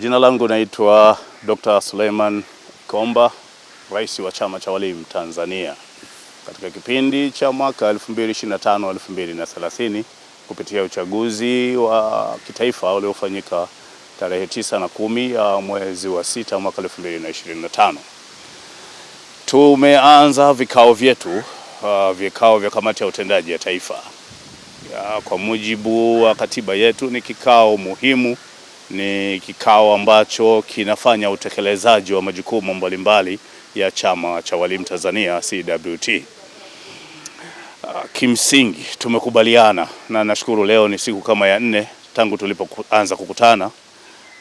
Jina langu naitwa Dr. Suleiman Komba, rais wa chama cha walimu Tanzania. Katika kipindi cha mwaka 2025 2030 kupitia uchaguzi wa kitaifa uliofanyika tarehe tisa na kumi ya mwezi wa sita mwaka 2025 tumeanza vikao vyetu uh, vikao vya kamati ya utendaji ya taifa ya, kwa mujibu wa katiba yetu ni kikao muhimu ni kikao ambacho kinafanya utekelezaji wa majukumu mbalimbali ya Chama cha Walimu Tanzania CWT. Ah, kimsingi tumekubaliana na nashukuru, leo ni siku kama ya nne tangu tulipoanza kukutana,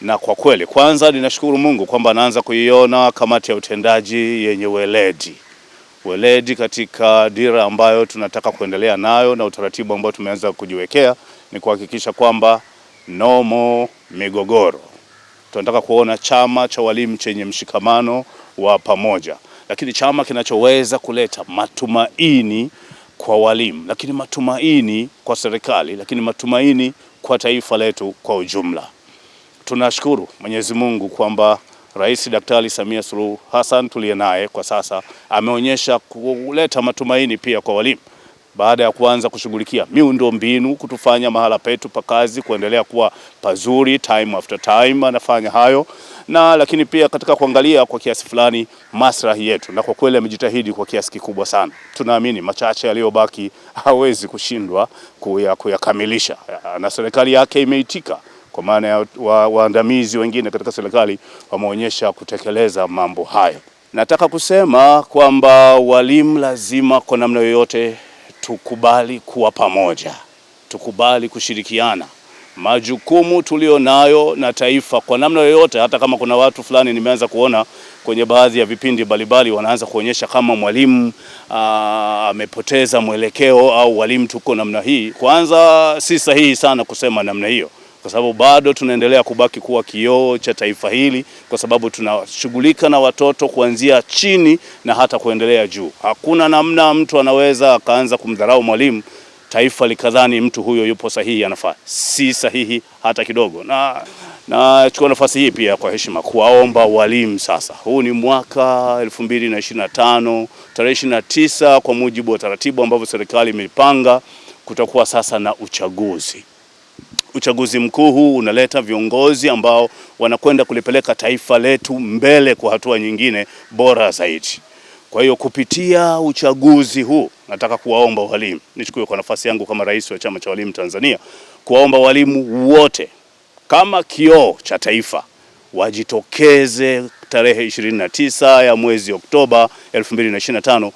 na kwa kweli, kwanza ninashukuru Mungu kwamba anaanza kuiona kamati ya utendaji yenye weledi weledi katika dira ambayo tunataka kuendelea nayo na utaratibu ambao tumeanza kujiwekea ni kuhakikisha kwamba no more migogoro. Tunataka kuona chama cha walimu chenye mshikamano wa pamoja, lakini chama kinachoweza kuleta matumaini kwa walimu, lakini matumaini kwa serikali, lakini matumaini kwa taifa letu kwa ujumla. Tunashukuru Mwenyezi Mungu kwamba Rais Daktari Samia Suluhu Hassan tuliye naye kwa sasa ameonyesha kuleta matumaini pia kwa walimu baada ya kuanza kushughulikia miundo mbinu, kutufanya mahala petu pa kazi kuendelea kuwa pazuri time after time, anafanya hayo na lakini pia katika kuangalia kwa kiasi fulani maslahi yetu, na kwa kweli amejitahidi kwa kiasi kikubwa sana. Tunaamini machache yaliyobaki hawezi kushindwa kuyakamilisha, na serikali yake imeitika kwa maana ya wa, waandamizi wengine katika serikali wameonyesha kutekeleza mambo hayo. Nataka kusema kwamba walimu lazima kwa namna yoyote tukubali kuwa pamoja, tukubali kushirikiana majukumu tulio nayo na taifa kwa namna yoyote. Hata kama kuna watu fulani nimeanza kuona kwenye baadhi ya vipindi mbalimbali wanaanza kuonyesha kama mwalimu ah, amepoteza mwelekeo au walimu tuko namna hii. Kwanza si sahihi sana kusema namna hiyo kwa sababu bado tunaendelea kubaki kuwa kioo cha taifa hili, kwa sababu tunashughulika na watoto kuanzia chini na hata kuendelea juu. Hakuna namna mtu anaweza akaanza kumdharau mwalimu taifa likadhani mtu huyo yupo sahihi, anafaa. Si sahihi hata kidogo. Na nachukua nafasi hii pia kwa heshima kuwaomba walimu sasa, huu ni mwaka 2025 tarehe 29, kwa mujibu wa taratibu ambavyo serikali imeipanga, kutakuwa sasa na uchaguzi uchaguzi mkuu huu unaleta viongozi ambao wanakwenda kulipeleka taifa letu mbele kwa hatua nyingine bora zaidi. Kwa hiyo kupitia uchaguzi huu nataka kuwaomba walimu, nichukue kwa nafasi yangu kama rais wa chama cha walimu Tanzania, kuwaomba walimu wote kama kioo cha taifa wajitokeze tarehe 29 ya mwezi Oktoba 2025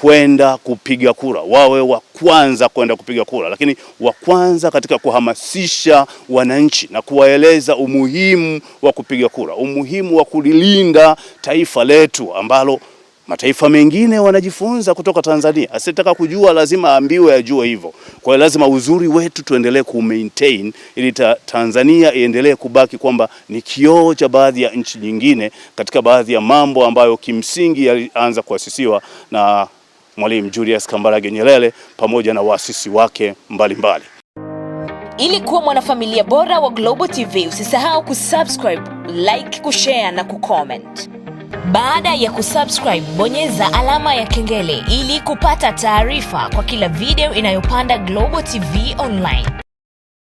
kwenda kupiga kura, wawe wa kwanza kwenda kupiga kura, lakini wa kwanza katika kuhamasisha wananchi na kuwaeleza umuhimu wa kupiga kura, umuhimu wa kulilinda taifa letu ambalo mataifa mengine wanajifunza kutoka Tanzania. Asitaka kujua lazima aambiwe ajue hivyo. Kwa hiyo lazima uzuri wetu tuendelee ku maintain ili Tanzania iendelee kubaki kwamba ni kioo cha baadhi ya nchi nyingine katika baadhi ya mambo ambayo kimsingi yalianza kuasisiwa na Mwalimu Julius Kambarage Nyerere pamoja na waasisi wake mbalimbali. Ili kuwa mwanafamilia bora wa Global TV, usisahau kusubscribe, like, kushare na kucomment. Baada ya kusubscribe, bonyeza alama ya kengele ili kupata taarifa kwa kila video inayopanda Global TV Online.